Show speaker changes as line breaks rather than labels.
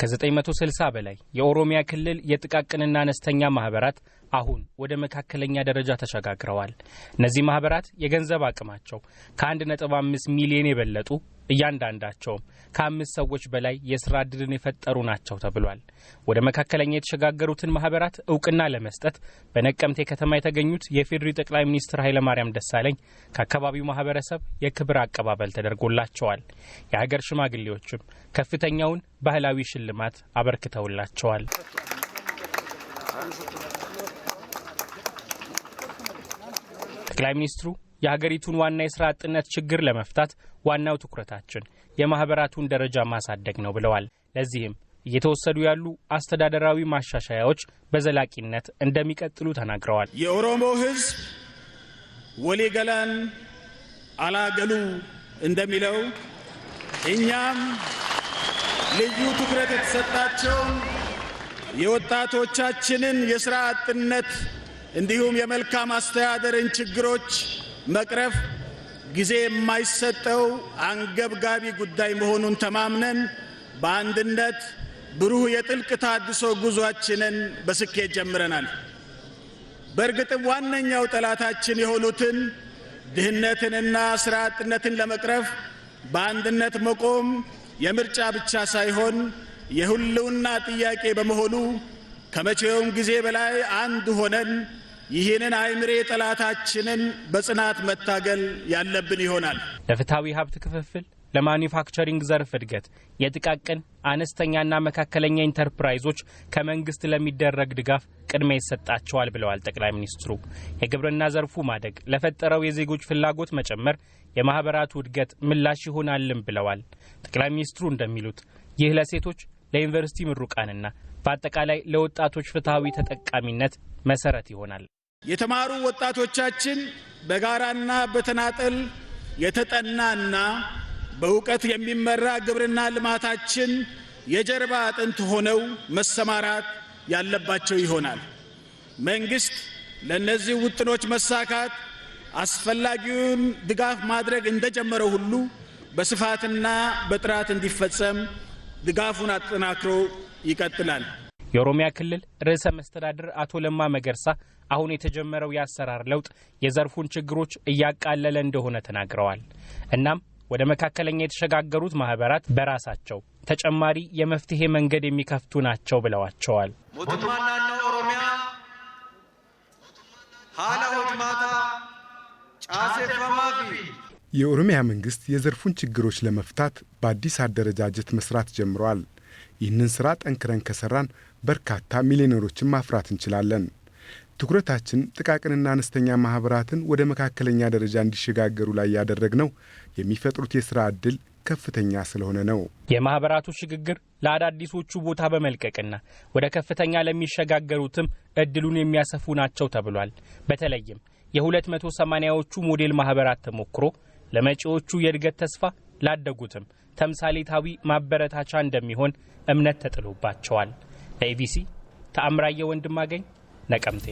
ከ960 በላይ የኦሮሚያ ክልል የጥቃቅንና አነስተኛ ማህበራት አሁን ወደ መካከለኛ ደረጃ ተሸጋግረዋል። እነዚህ ማህበራት የገንዘብ አቅማቸው ከ1.5 ሚሊዮን የበለጡ እያንዳንዳቸውም ከአምስት ሰዎች በላይ የስራ እድልን የፈጠሩ ናቸው ተብሏል። ወደ መካከለኛ የተሸጋገሩትን ማህበራት እውቅና ለመስጠት በነቀምቴ ከተማ የተገኙት የፌዴሪ ጠቅላይ ሚኒስትር ኃይለማርያም ደሳለኝ ከአካባቢው ማህበረሰብ የክብር አቀባበል ተደርጎላቸዋል። የሀገር ሽማግሌዎችም ከፍተኛውን ባህላዊ ሽልማት አበርክተውላቸዋል። ጠቅላይ ሚኒስትሩ የሀገሪቱን ዋና የስራ አጥነት ችግር ለመፍታት ዋናው ትኩረታችን የማህበራቱን ደረጃ ማሳደግ ነው ብለዋል። ለዚህም እየተወሰዱ ያሉ አስተዳደራዊ ማሻሻያዎች በዘላቂነት እንደሚቀጥሉ ተናግረዋል።
የኦሮሞ ወሌ ወሊገላን አላገሉ እንደሚለው እኛም ልዩ ትኩረት የተሰጣቸውን የወጣቶቻችንን የስራ አጥነት እንዲሁም የመልካም አስተዳደርን ችግሮች መቅረፍ ጊዜ የማይሰጠው አንገብጋቢ ጉዳይ መሆኑን ተማምነን በአንድነት ብሩህ የጥልቅ ታድሶ ጉዟችንን በስኬት ጀምረናል። በእርግጥም ዋነኛው ጠላታችን የሆኑትን ድህነትንና ስራ አጥነትን ለመቅረፍ በአንድነት መቆም የምርጫ ብቻ ሳይሆን የህልውና ጥያቄ በመሆኑ ከመቼውም ጊዜ በላይ አንድ ሆነን ይህንን አይምሬ ጠላታችንን በጽናት መታገል ያለብን ይሆናል።
ለፍትሐዊ ሀብት ክፍፍል፣ ለማኒፋክቸሪንግ ዘርፍ እድገት፣ የጥቃቅን አነስተኛና መካከለኛ ኢንተርፕራይዞች ከመንግስት ለሚደረግ ድጋፍ ቅድሚያ ይሰጣቸዋል ብለዋል ጠቅላይ ሚኒስትሩ። የግብርና ዘርፉ ማደግ ለፈጠረው የዜጎች ፍላጎት መጨመር የማህበራቱ እድገት ምላሽ ይሆናልም ብለዋል። ጠቅላይ ሚኒስትሩ እንደሚሉት ይህ ለሴቶች ለዩኒቨርሲቲ ምሩቃንና በአጠቃላይ ለወጣቶች ፍትሐዊ ተጠቃሚነት መሰረት ይሆናል።
የተማሩ ወጣቶቻችን በጋራና በተናጠል የተጠናና በእውቀት የሚመራ ግብርና ልማታችን የጀርባ አጥንት ሆነው መሰማራት ያለባቸው ይሆናል። መንግስት ለእነዚህ ውጥኖች መሳካት አስፈላጊውን ድጋፍ ማድረግ እንደጀመረ ሁሉ በስፋትና በጥራት እንዲፈጸም ድጋፉን አጠናክሮ ይቀጥላል።
የኦሮሚያ ክልል ርዕሰ መስተዳድር አቶ ለማ መገርሳ አሁን የተጀመረው የአሰራር ለውጥ የዘርፉን ችግሮች እያቃለለ እንደሆነ ተናግረዋል። እናም ወደ መካከለኛ የተሸጋገሩት ማህበራት በራሳቸው ተጨማሪ የመፍትሄ መንገድ የሚከፍቱ ናቸው ብለዋቸዋል።
የኦሮሚያ መንግስት የዘርፉን ችግሮች ለመፍታት በአዲስ አደረጃጀት መስራት ጀምረዋል። ይህንን ስራ ጠንክረን ከሠራን በርካታ ሚሊዮነሮችን ማፍራት እንችላለን። ትኩረታችን ጥቃቅንና አነስተኛ ማኅበራትን ወደ መካከለኛ ደረጃ እንዲሸጋገሩ ላይ ያደረግነው የሚፈጥሩት የሥራ ዕድል ከፍተኛ ስለሆነ ነው።
የማኅበራቱ ሽግግር ለአዳዲሶቹ ቦታ በመልቀቅና ወደ ከፍተኛ ለሚሸጋገሩትም ዕድሉን የሚያሰፉ ናቸው ተብሏል። በተለይም የ280ዎቹ ሞዴል ማኅበራት ተሞክሮ ለመጪዎቹ የእድገት ተስፋ ላደጉትም ተምሳሌታዊ ማበረታቻ እንደሚሆን እምነት ተጥሎባቸዋል። ለኢቢሲ ተአምራየ ወንድማገኝ ነቀምቴ